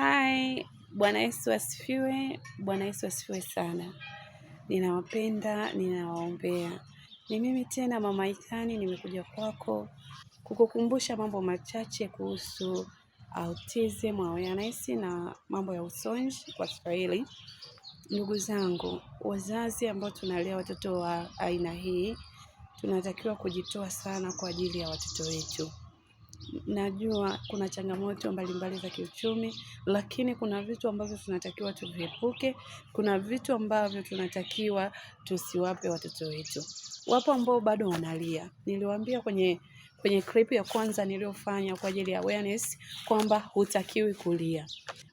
Hai, Bwana Yesu asifiwe. Bwana Yesu asifiwe sana. Ninawapenda, ninawaombea. Ni mimi tena Mama Itani, nimekuja kwako kukukumbusha mambo machache kuhusu autism awareness na mambo ya usonji kwa Kiswahili. Ndugu zangu, wazazi ambao tunalea watoto wa aina hii tunatakiwa kujitoa sana kwa ajili ya watoto wetu najua kuna changamoto mbalimbali za kiuchumi, lakini kuna vitu ambavyo tunatakiwa tuviepuke. Kuna vitu ambavyo tunatakiwa tusiwape watoto wetu. Wapo ambao bado wanalia, niliwaambia kwenye kwenye clip ya kwanza niliyofanya kwa ajili ya awareness kwamba hutakiwi kulia.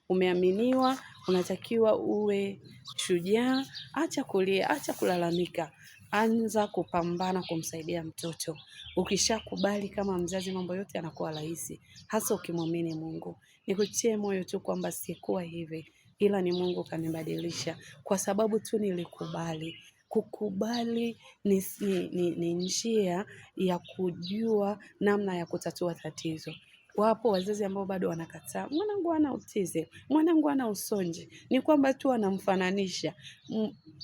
Umeaminiwa, unatakiwa uwe shujaa, acha kulia, acha kulalamika anza kupambana kumsaidia mtoto. Ukishakubali kama mzazi, mambo yote yanakuwa rahisi, hasa ukimwamini Mungu. Nikutie moyo tu kwamba sikuwa hivi, ila ni Mungu kanibadilisha kwa sababu tu nilikubali. Kukubali ni, ni, ni njia ya kujua namna ya kutatua tatizo wapo wazazi ambao bado wanakataa, mwanangu ana utize mwanangu ana usonji, ni kwamba tu anamfananisha.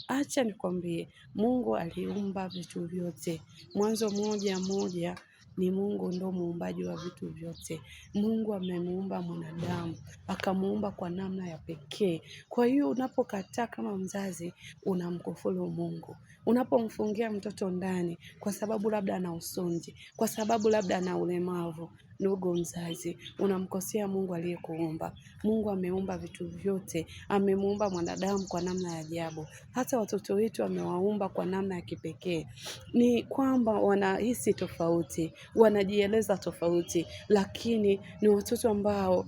Acha nikwambie, Mungu aliumba vitu vyote, Mwanzo moja moja ni Mungu ndo muumbaji wa vitu vyote. Mungu amemuumba mwanadamu, akamuumba kwa namna ya pekee. Kwa hiyo unapokataa kama mzazi, unamkufuru Mungu. Unapomfungia mtoto ndani kwa sababu labda ana usonji, kwa sababu labda ana ulemavu, ndugu mzazi, unamkosea Mungu aliyekuumba. Mungu ameumba vitu vyote, amemuumba mwanadamu kwa namna ya ajabu. Hata watoto wetu amewaumba kwa namna ya kipekee. Ni kwamba wanahisi tofauti, wanajieleza tofauti, lakini ni watoto ambao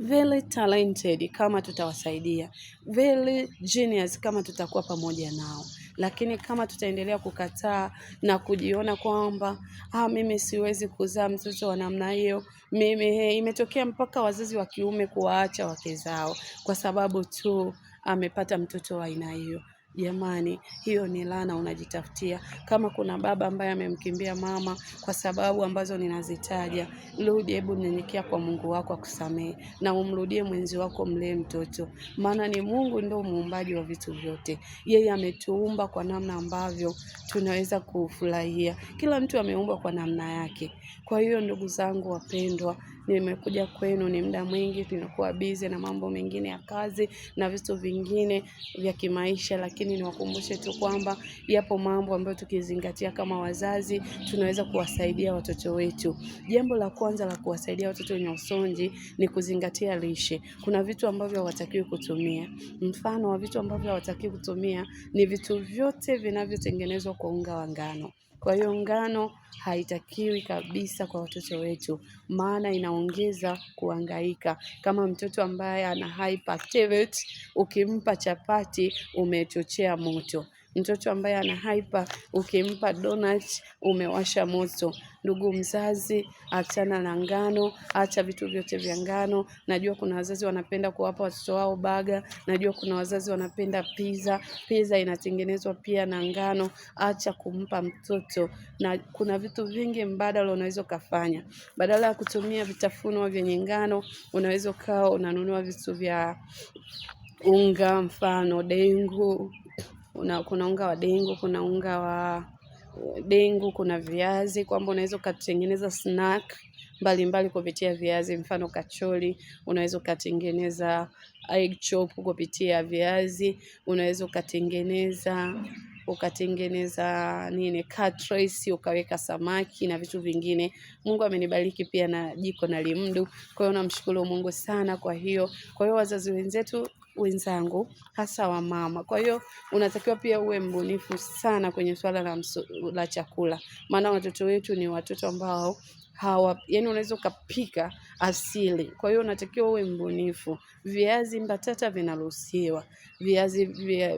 very talented kama tutawasaidia, very genius kama tutakuwa pamoja nao. Lakini kama tutaendelea kukataa na kujiona kwamba ah, mimi siwezi kuzaa mtoto wa namna hiyo, mimi eh, imetokea mpaka wazazi wa kiume kuwaacha wake zao kwa sababu tu amepata mtoto wa aina hiyo. Jamani, hiyo ni laana unajitafutia. Kama kuna baba ambaye amemkimbia mama kwa sababu ambazo ninazitaja, rudi, hebu nyenyekea kwa Mungu wako akusamehe, na umrudie mwenzi wako, mlee mtoto, maana ni Mungu ndio muumbaji wa vitu vyote. Yeye ametuumba kwa namna ambavyo tunaweza kufurahia. Kila mtu ameumbwa kwa namna yake. Kwa hiyo, ndugu zangu wapendwa, nimekuja kwenu, ni muda mwingi tunakuwa bize na mambo mengine ya kazi na vitu vingine vya kimaisha, lakini lakini niwakumbushe tu kwamba yapo mambo ambayo tukizingatia kama wazazi tunaweza kuwasaidia watoto wetu. Jambo la kwanza la kuwasaidia watoto wenye usonji ni kuzingatia lishe. Kuna vitu ambavyo hawatakiwi kutumia. Mfano wa vitu ambavyo hawatakiwi kutumia ni vitu vyote vinavyotengenezwa kwa unga wa ngano. Kwa hiyo ngano haitakiwi kabisa kwa watoto wetu, maana inaongeza kuangaika Kama mtoto ambaye ana hyperactivity, ukimpa chapati umechochea moto. Mtoto ambaye ana hyper, ukimpa donut umewasha moto. Ndugu mzazi, achana na ngano, acha vitu vyote vya ngano. Najua kuna wazazi wanapenda kuwapa watoto wao baga, najua kuna wazazi wanapenda pizza. Pizza inatengenezwa pia na ngano, acha kumpa mtoto. Na kuna vitu vingi mbadala unaweza ukafanya. Badala ya kutumia vitafunwa vyenye ngano, unaweza ukawa unanunua vitu vya unga, mfano dengu, una, kuna unga wa dengu, kuna unga wa dengu, kuna viazi, kwamba unaweza ukatengeneza snack mbalimbali kupitia viazi, mfano kacholi unaweza ukatengeneza egg chop kupitia viazi, unaweza ukatengeneza ukatengeneza nini cut rice ukaweka samaki na vitu vingine. Mungu amenibariki pia na jiko na limdu, kwa hiyo namshukuru Mungu sana. Kwa hiyo kwa hiyo wazazi wenzetu wenzangu hasa wa mama Kwa hiyo unatakiwa pia uwe mbunifu sana kwenye swala la, la chakula, maana watoto wetu ni watoto ambao hawa yani, unaweza ukapika asili. Kwa hiyo unatakiwa uwe mbunifu. Viazi mbatata vinaruhusiwa, viazi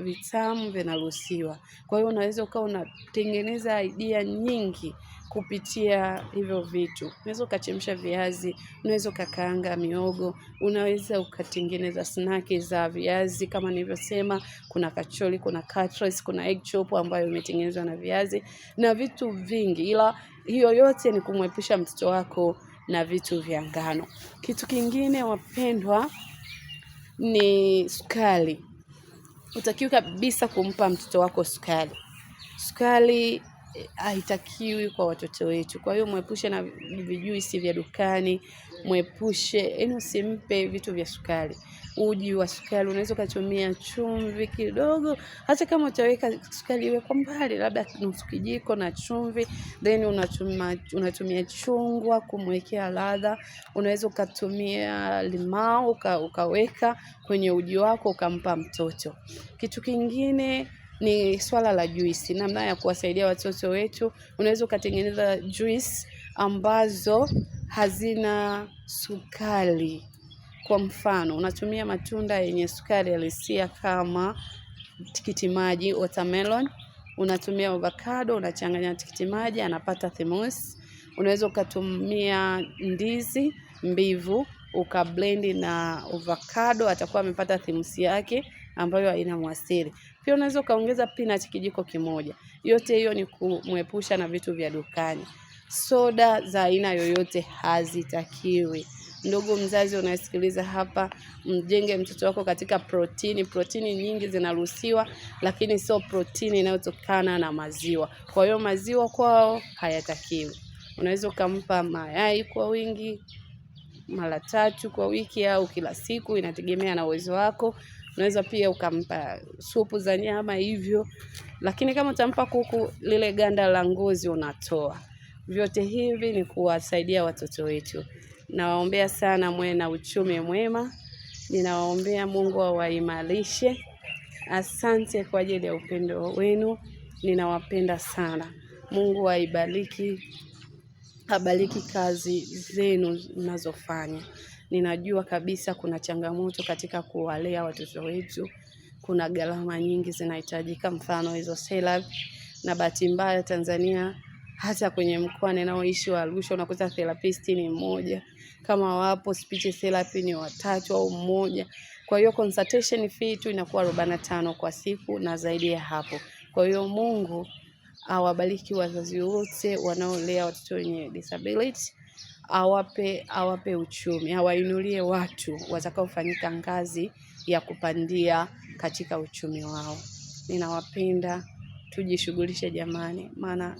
vitamu vinaruhusiwa. Kwa hiyo unaweza ukawa unatengeneza idea nyingi kupitia hivyo vitu. Unaweza ukachemsha viazi, unaweza ukakaanga miogo, unaweza ukatengeneza snaki za viazi. Kama nilivyosema, kuna kacholi kuna katres, kuna egg chop ambayo imetengenezwa na viazi na vitu vingi, ila hiyo yote ni kumwepusha mtoto wako na vitu vya ngano. Kitu kingine wapendwa, ni sukari. Utakiwa kabisa kumpa mtoto wako sukari. Sukari haitakiwi kwa watoto wetu. Kwa hiyo mwepushe na vijuisi vya dukani, mwepushe yaani, usimpe vitu vya sukari. Uji wa sukari unaweza ukatumia chumvi kidogo, hata kama utaweka sukari iwe kwa mbali, labda nusu kijiko na chumvi, then unatuma, unatumia chungwa kumwekea ladha. Unaweza ukatumia limao uka, ukaweka kwenye uji wako ukampa mtoto. Kitu kingine ni swala la juisi, namna ya kuwasaidia watoto wetu. Unaweza ukatengeneza juisi ambazo hazina sukari. Kwa mfano, unatumia matunda yenye sukari halisia kama tikiti maji, watermelon. Unatumia avocado, unachanganya tikiti maji, anapata thermos. Unaweza ukatumia ndizi mbivu ukablendi na avocado, atakuwa amepata thermos yake ambayo haina mwasiri. Pia unaweza ukaongeza peanut kijiko kimoja. Yote hiyo ni kumwepusha na vitu vya dukani. Soda za aina yoyote hazitakiwi. Ndugu mzazi unasikiliza hapa, mjenge mtoto wako katika protini. Protini nyingi zinaruhusiwa, lakini sio protini inayotokana na maziwa. Kwa hiyo maziwa kwao hayatakiwi. Unaweza ukampa mayai kwa wingi mara tatu kwa wiki au kila siku, inategemea na uwezo wako. Unaweza pia ukampa supu za nyama hivyo, lakini kama utampa kuku, lile ganda la ngozi unatoa. Vyote hivi ni kuwasaidia watoto wetu. Nawaombea sana mwe na uchumi mwema, ninawaombea Mungu awaimarishe. asante kwa ajili ya upendo wenu, ninawapenda sana. Mungu aibariki, abariki kazi zenu mnazofanya. Ninajua kabisa kuna changamoto katika kuwalea watoto wetu, kuna gharama nyingi zinahitajika, mfano hizo syllabus, na bahati mbaya Tanzania hata kwenye mkoa ninaoishi wa Arusha unakuta therapist ni mmoja, kama wapo speech therapy ni watatu au mmoja. Kwa hiyo consultation fee tu inakuwa tano kwa siku na zaidi ya hapo. Kwa hiyo Mungu awabariki wazazi wote wanaolea watoto wenye disability awape awape uchumi, awainulie watu watakaofanyika ngazi ya kupandia katika uchumi wao. Ninawapenda, tujishughulishe jamani, maana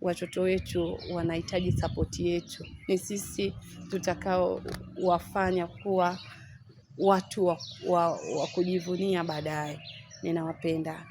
watoto wetu wanahitaji sapoti yetu. Ni sisi tutakao wafanya kuwa watu wa, wa, wa kujivunia baadaye. Ninawapenda.